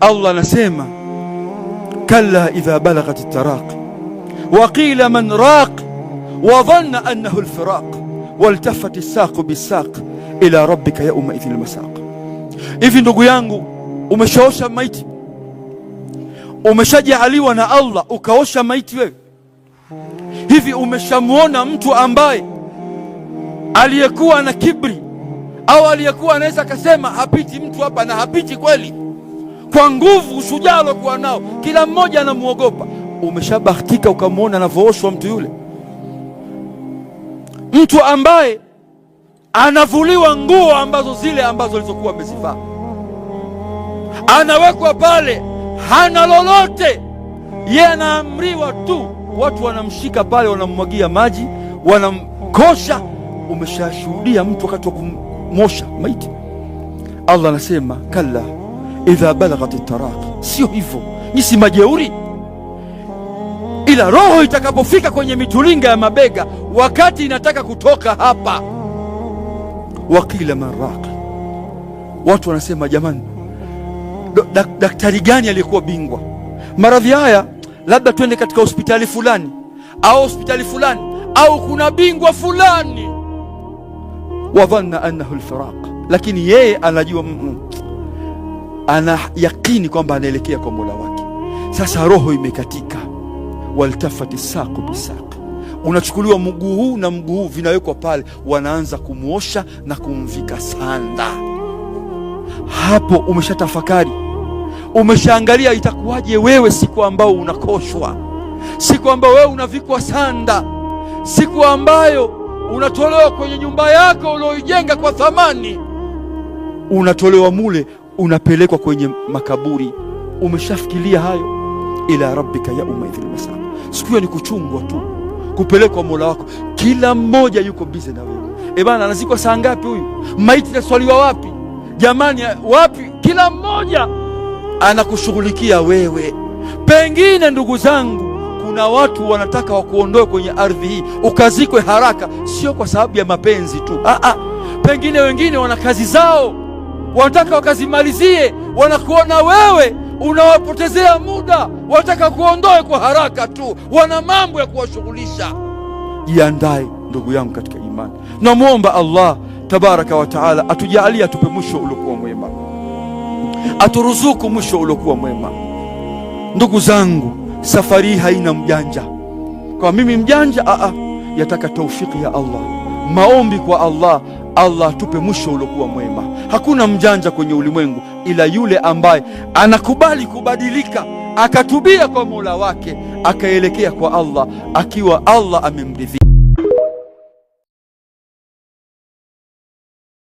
Allah anasema kalla idha balaghat taraq wa qila man raq wa dhanna annahu alfiraq waltafat saqu bisaq ila rabbika yauma idhin almasaq. Hivi ndugu yangu, umeshaosha maiti, umeshajaaliwa na Allah ukaosha maiti wewe? Hivi umeshamwona mtu ambaye aliyekuwa na kibri au aliyekuwa anaweza akasema hapiti mtu hapa na hapiti kweli? kwa nguvu, ushujaa aliokuwa nao, kila mmoja anamwogopa. Umeshabahatika ukamwona anavooshwa mtu yule, mtu ambaye anavuliwa nguo ambazo zile ambazo alizokuwa amezivaa, anawekwa pale, hana lolote yeye, anaamriwa tu. Watu wanamshika pale, wanammwagia maji, wanamkosha. Umeshashuhudia mtu wakati wa kumosha maiti. Allah anasema kalla idha balagat taraq. Sio hivyo, nisi majeuri, ila roho itakapofika kwenye mitulinga ya mabega, wakati inataka kutoka hapa, wakila maraq, watu wanasema jamani, daktari gani aliyekuwa bingwa maradhi haya? Labda twende katika hospitali fulani au hospitali fulani au kuna bingwa fulani, wadhanna annahu alfiraq, lakini yeye anajua mm -mm ana yakini kwamba anaelekea kwa Mola wake. Sasa roho imekatika, waltafati saqu bisaq, unachukuliwa mguu huu na mguu huu, vinawekwa pale, wanaanza kumwosha na kumvika sanda. Hapo umeshatafakari, umeshaangalia itakuwaje wewe siku ambao unakoshwa, siku ambayo wewe unavikwa sanda, siku ambayo unatolewa kwenye nyumba yako ulioijenga kwa thamani, unatolewa mule unapelekwa kwenye makaburi. Umeshafikiria hayo? ila rabbika yaumaidhin masab, siku hiyo ni kuchungwa tu, kupelekwa mola wako. Kila mmoja yuko bize na wewe. E bana, anazikwa saa ngapi huyu? Maiti naswaliwa wapi? Jamani, wapi? Kila mmoja anakushughulikia wewe. Pengine ndugu zangu, kuna watu wanataka wakuondoe kwenye ardhi hii ukazikwe haraka, sio kwa sababu ya mapenzi tu. Aa, ah, ah. pengine wengine wana kazi zao wanataka wakazimalizie, wanakuona wewe unawapotezea muda, wanataka kuondoe kwa haraka tu, wana mambo ya kuwashughulisha. Jiandae ndugu yangu katika imani, namwomba Allah tabaraka wa taala atujalie, atupe mwisho uliokuwa mwema, aturuzuku mwisho uliokuwa mwema. Ndugu zangu, safari hii haina mjanja, kwa mimi mjanja aa, yataka taufiki ya Allah, maombi kwa Allah, Allah atupe mwisho uliokuwa mwema. Hakuna mjanja kwenye ulimwengu ila yule ambaye anakubali kubadilika, akatubia kwa Mola wake, akaelekea kwa Allah akiwa Allah amemridhia.